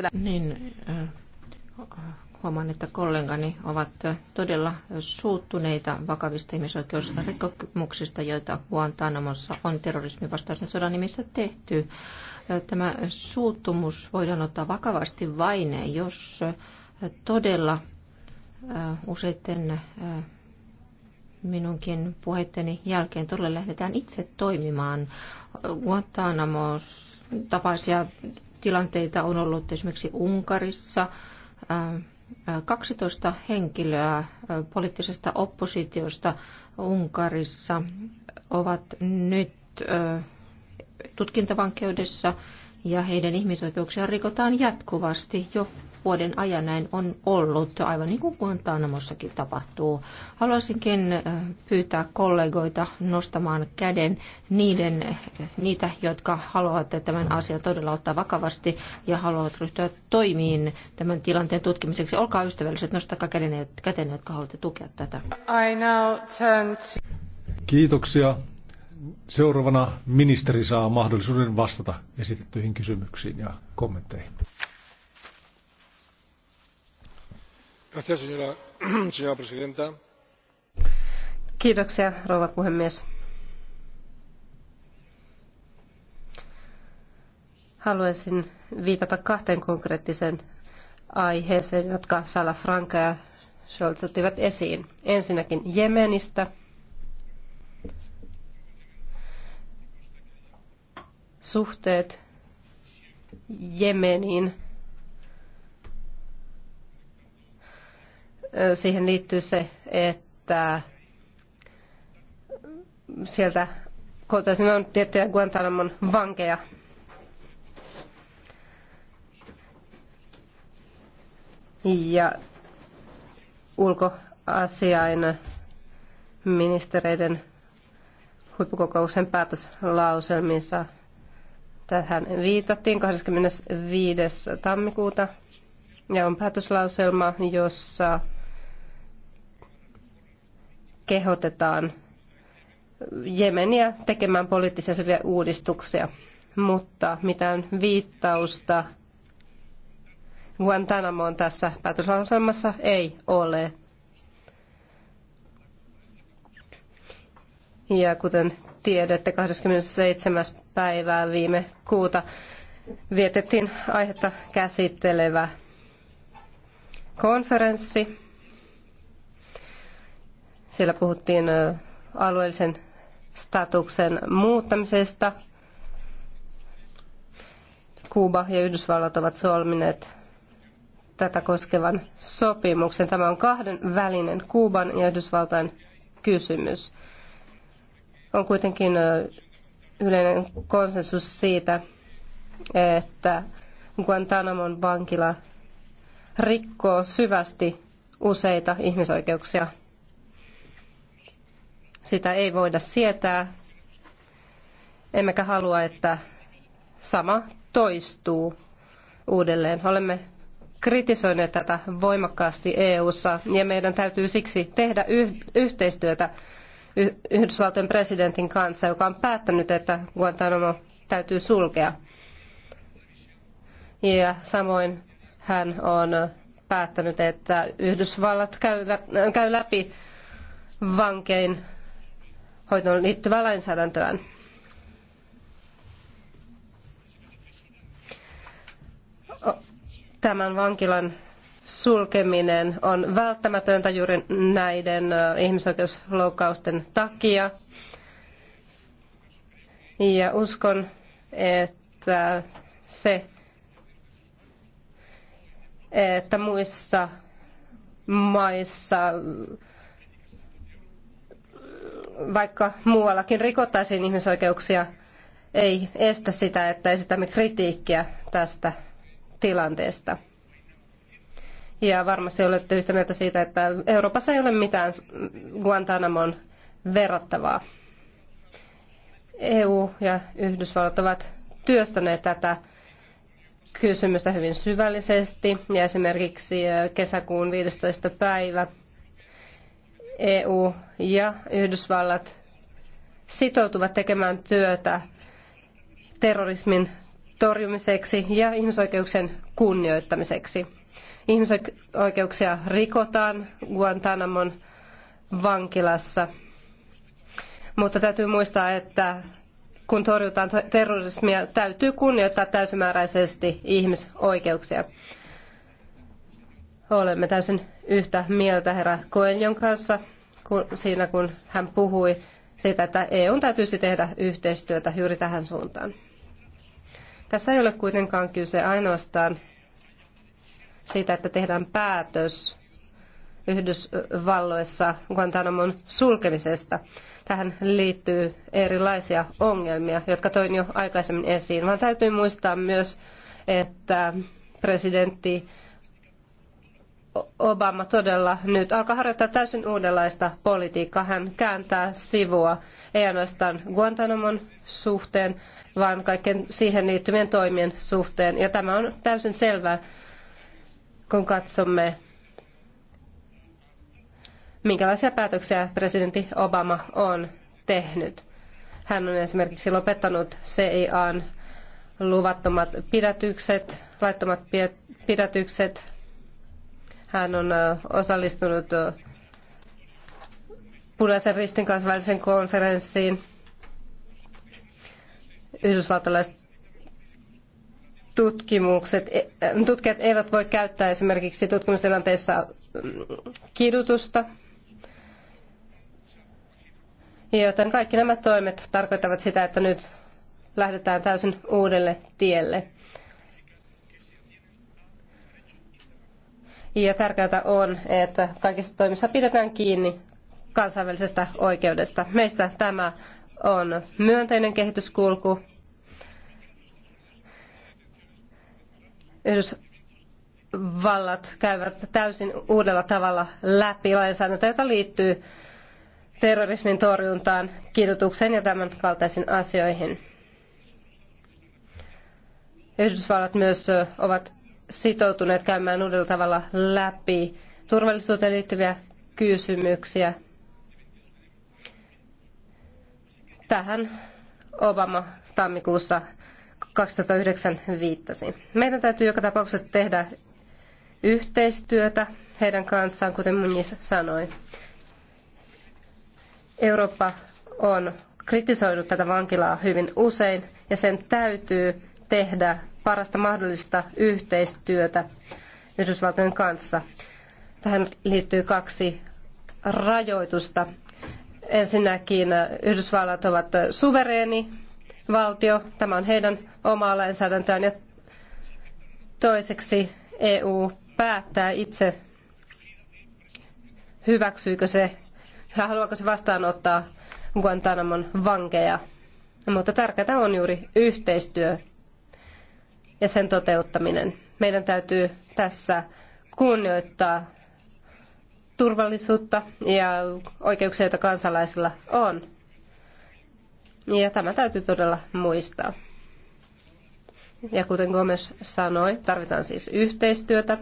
Speaker 5: Eh, niin,
Speaker 7: äh, Huomaan, että kollegani ovat todella suuttuneita vakavista ihmisoikeusrikkomuksista, joita Guantanamossa on terrorismivastaisen sodan nimissä tehty. Tämä suuttumus voidaan ottaa vakavasti vain, jos todella äh, useiden äh, minunkin puheitteni jälkeen todella lähdetään itse toimimaan. Guantanamos tapaisia tilanteita on ollut esimerkiksi Unkarissa, äh, 12 henkilöä poliittisesta oppositiosta Unkarissa ovat nyt tutkintavankeudessa ja heidän ihmisoikeuksiaan rikotaan jatkuvasti jo vuoden ajan näin on ollut, aivan niin kuin Guantanamossakin tapahtuu. Haluaisinkin äh, pyytää kollegoita nostamaan käden niiden, äh, niitä, jotka haluavat tämän asian todella ottaa vakavasti ja haluavat ryhtyä toimiin tämän tilanteen tutkimiseksi. Olkaa ystävälliset, nostakaa käden, käden jotka
Speaker 6: haluatte tukea tätä. I now turn
Speaker 2: to... Kiitoksia. Seuraavana ministeri saa mahdollisuuden vastata esitettyihin kysymyksiin ja kommentteihin. señora presidenta
Speaker 6: arvoisa rouva puhemies. Haluaisin viitata kahteen konkreettiseen aiheeseen, jotka salafranca ja Scholz ottivat esiin. Ensinnäkin Jemenistä. Suhteet Jemeniin siihen liittyy se, että sieltä kotoisin on tiettyjä Guantanamon vankeja. Ja ulkoasiain ministereiden huippukokouksen päätöslauselmissa tähän viitattiin 25. tammikuuta ja on päätöslauselma, jossa kehotetaan Jemeniä tekemään poliittisia syviä uudistuksia, mutta mitään viittausta Guantanamoon tässä päätöslauselmassa ei ole. Ja kuten tiedätte, 27. päivää viime kuuta vietettiin aihetta käsittelevä konferenssi siellä puhuttiin alueellisen statuksen muuttamisesta. Kuuba ja Yhdysvallat ovat solmineet tätä koskevan sopimuksen. Tämä on kahden välinen Kuuban ja Yhdysvaltain kysymys. On kuitenkin yleinen konsensus siitä, että Guantanamon vankila rikkoo syvästi useita ihmisoikeuksia. Sitä ei voida sietää, emmekä halua, että sama toistuu uudelleen. Olemme kritisoineet tätä voimakkaasti EU:ssa ja meidän täytyy siksi tehdä yhteistyötä Yhdysvaltojen presidentin kanssa, joka on päättänyt, että Guantanamo täytyy sulkea. Ja samoin hän on päättänyt, että Yhdysvallat käy, käy läpi vankein hoitoon liittyvää lainsäädäntöään. Tämän vankilan sulkeminen on välttämätöntä juuri näiden ihmisoikeusloukkausten takia. Ja uskon, että se, että muissa maissa vaikka muuallakin rikottaisiin ihmisoikeuksia, ei estä sitä, että esitämme kritiikkiä tästä tilanteesta. Ja varmasti olette yhtä mieltä siitä, että Euroopassa ei ole mitään Guantanamon verrattavaa. EU ja Yhdysvallat ovat työstäneet tätä kysymystä hyvin syvällisesti ja esimerkiksi kesäkuun 15. päivä – EU ja Yhdysvallat sitoutuvat tekemään työtä terrorismin torjumiseksi ja ihmisoikeuksien kunnioittamiseksi. Ihmisoikeuksia rikotaan Guantanamon vankilassa. Mutta täytyy muistaa, että kun torjutaan terrorismia, täytyy kunnioittaa täysimääräisesti ihmisoikeuksia. Olemme täysin yhtä mieltä herra Koeljon kanssa kun, siinä, kun hän puhui siitä, että EU täytyisi tehdä yhteistyötä juuri tähän suuntaan. Tässä ei ole kuitenkaan kyse ainoastaan siitä, että tehdään päätös Yhdysvalloissa Guantanamon sulkemisesta. Tähän liittyy erilaisia ongelmia, jotka toin jo aikaisemmin esiin, vaan täytyy muistaa myös, että presidentti Obama todella nyt alkaa harjoittaa täysin uudenlaista politiikkaa. Hän kääntää sivua ei ainoastaan Guantanamon suhteen, vaan kaiken siihen liittyvien toimien suhteen. Ja tämä on täysin selvää, kun katsomme, minkälaisia päätöksiä presidentti Obama on tehnyt. Hän on esimerkiksi lopettanut CIAn luvattomat pidätykset, laittomat pidätykset, hän on osallistunut Punaisen ristin kansainväliseen konferenssiin. Yhdysvaltalaiset tutkimukset, e, tutkijat eivät voi käyttää esimerkiksi tutkimustilanteissa kidutusta, joten kaikki nämä toimet tarkoittavat sitä, että nyt lähdetään täysin uudelle tielle. Ja tärkeää on, että kaikissa toimissa pidetään kiinni kansainvälisestä oikeudesta. Meistä tämä on myönteinen kehityskulku. Yhdysvallat käyvät täysin uudella tavalla läpi lainsäädäntöä, jota liittyy terrorismin torjuntaan, kidutukseen ja tämän kaltaisiin asioihin. Yhdysvallat myös ovat sitoutuneet käymään uudella tavalla läpi turvallisuuteen liittyviä kysymyksiä. Tähän Obama tammikuussa 2009 viittasi. Meidän täytyy joka tapauksessa tehdä yhteistyötä heidän kanssaan, kuten Munis sanoi. Eurooppa on kritisoinut tätä vankilaa hyvin usein ja sen täytyy tehdä parasta mahdollista yhteistyötä Yhdysvaltojen kanssa. Tähän liittyy kaksi rajoitusta. Ensinnäkin Yhdysvallat ovat suvereeni valtio, tämä on heidän omaa lainsäädäntöään, ja toiseksi EU päättää itse, hyväksyykö se ja haluaako se vastaanottaa Guantanamon vankeja. Mutta tärkeää on juuri yhteistyö ja sen toteuttaminen. Meidän täytyy tässä kunnioittaa turvallisuutta ja oikeuksia, joita kansalaisilla on. Ja tämä täytyy todella muistaa. Ja kuten Gomes sanoi, tarvitaan siis yhteistyötä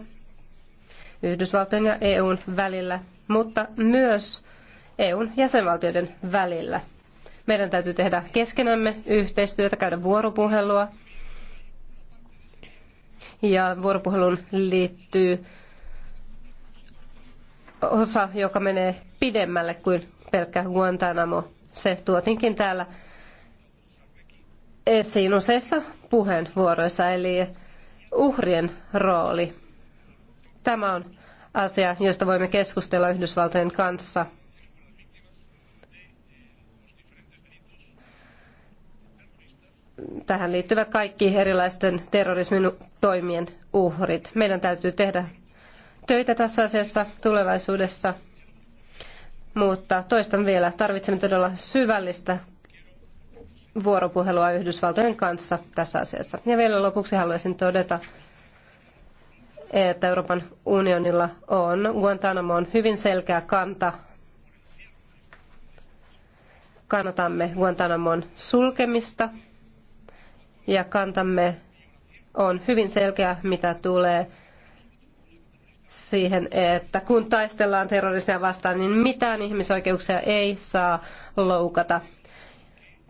Speaker 6: Yhdysvaltojen ja EUn välillä, mutta myös EUn jäsenvaltioiden välillä. Meidän täytyy tehdä keskenämme yhteistyötä, käydä vuoropuhelua ja vuoropuhelun liittyy osa, joka menee pidemmälle kuin pelkkä Guantanamo. Se tuotinkin täällä esiin useissa puheenvuoroissa, eli uhrien rooli. Tämä on asia, josta voimme keskustella Yhdysvaltojen kanssa – tähän liittyvät kaikki erilaisten terrorismin toimien uhrit. Meidän täytyy tehdä töitä tässä asiassa tulevaisuudessa, mutta toistan vielä, tarvitsemme todella syvällistä vuoropuhelua Yhdysvaltojen kanssa tässä asiassa. Ja vielä lopuksi haluaisin todeta, että Euroopan unionilla on Guantanamoon hyvin selkeä kanta. Kannatamme Guantanamon sulkemista ja kantamme on hyvin selkeä, mitä tulee siihen, että kun taistellaan terrorismia vastaan, niin mitään ihmisoikeuksia ei saa loukata.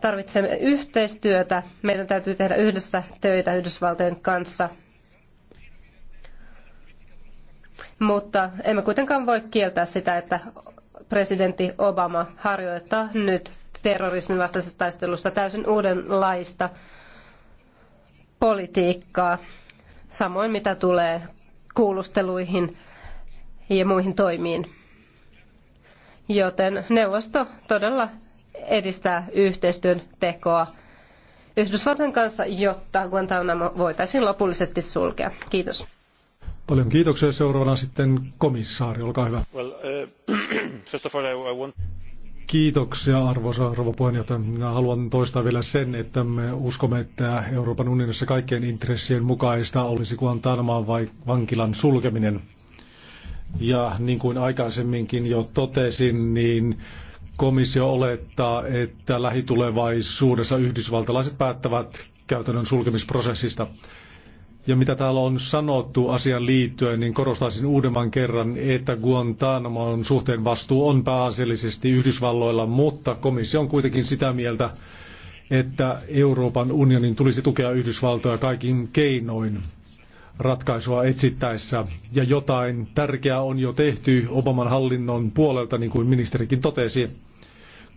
Speaker 6: Tarvitsemme yhteistyötä. Meidän täytyy tehdä yhdessä töitä Yhdysvaltojen kanssa. Mutta emme kuitenkaan voi kieltää sitä, että presidentti Obama harjoittaa nyt terrorismin vastaisessa taistelussa täysin uudenlaista politiikkaa, samoin mitä tulee kuulusteluihin ja muihin toimiin. Joten neuvosto todella edistää yhteistyön tekoa Yhdysvaltain kanssa, jotta Guantanamo voitaisiin lopullisesti sulkea.
Speaker 2: Kiitos. Paljon kiitoksia. Seuraavana sitten komissaari, olkaa hyvä. Well,
Speaker 1: uh, want...
Speaker 2: Kiitoksia arvoisa rouva puheenjohtaja. Minä haluan toistaa vielä sen, että me uskomme, että Euroopan unionissa kaikkien intressien mukaista olisi Guantanamaan vai vankilan sulkeminen. Ja niin kuin aikaisemminkin jo totesin, niin komissio olettaa, että lähitulevaisuudessa yhdysvaltalaiset päättävät käytännön sulkemisprosessista ja mitä täällä on sanottu asian liittyen, niin korostaisin uudemman kerran, että Guantanamon suhteen vastuu on pääasiallisesti Yhdysvalloilla, mutta komissio on kuitenkin sitä mieltä, että Euroopan unionin tulisi tukea Yhdysvaltoja kaikin keinoin ratkaisua etsittäessä. Ja jotain tärkeää on jo tehty Obaman hallinnon puolelta, niin kuin ministerikin totesi,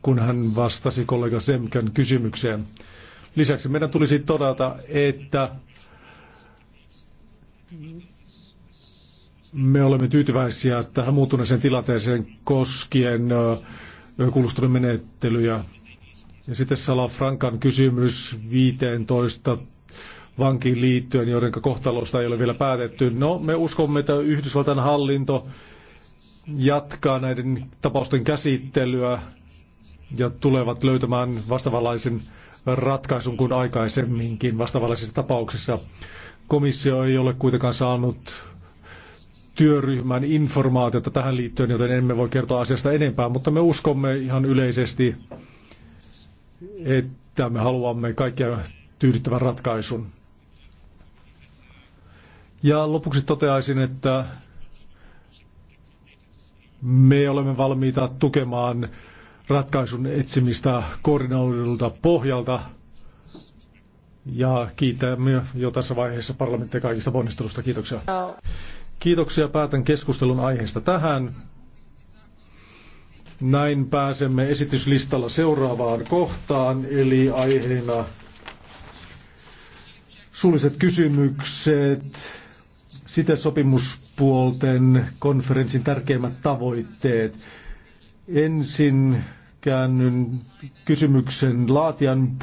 Speaker 2: kun hän vastasi kollega Semkän kysymykseen. Lisäksi meidän tulisi todeta, että me olemme tyytyväisiä tähän muuttuneeseen tilanteeseen koskien kuulustuneiden menettelyjä. Ja sitten Sala Frankan kysymys 15 vankiin liittyen, joiden kohtalosta ei ole vielä päätetty. No, me uskomme, että Yhdysvaltain hallinto jatkaa näiden tapausten käsittelyä ja tulevat löytämään vastavalaisen ratkaisun kuin aikaisemminkin vastavalaisissa tapauksissa. Komissio ei ole kuitenkaan saanut työryhmän informaatiota tähän liittyen, joten emme voi kertoa asiasta enempää, mutta me uskomme ihan yleisesti, että me haluamme kaikkia tyydyttävän ratkaisun. Ja lopuksi toteaisin, että me olemme valmiita tukemaan ratkaisun etsimistä koordinoidulta pohjalta – ja kiitämme jo tässä vaiheessa parlamentteja kaikista ponnistelusta. Kiitoksia. Kiitoksia. Päätän keskustelun aiheesta tähän. Näin pääsemme esityslistalla seuraavaan kohtaan, eli aiheena suulliset kysymykset, sitä sopimuspuolten konferenssin tärkeimmät tavoitteet. Ensin käännyn kysymyksen laatian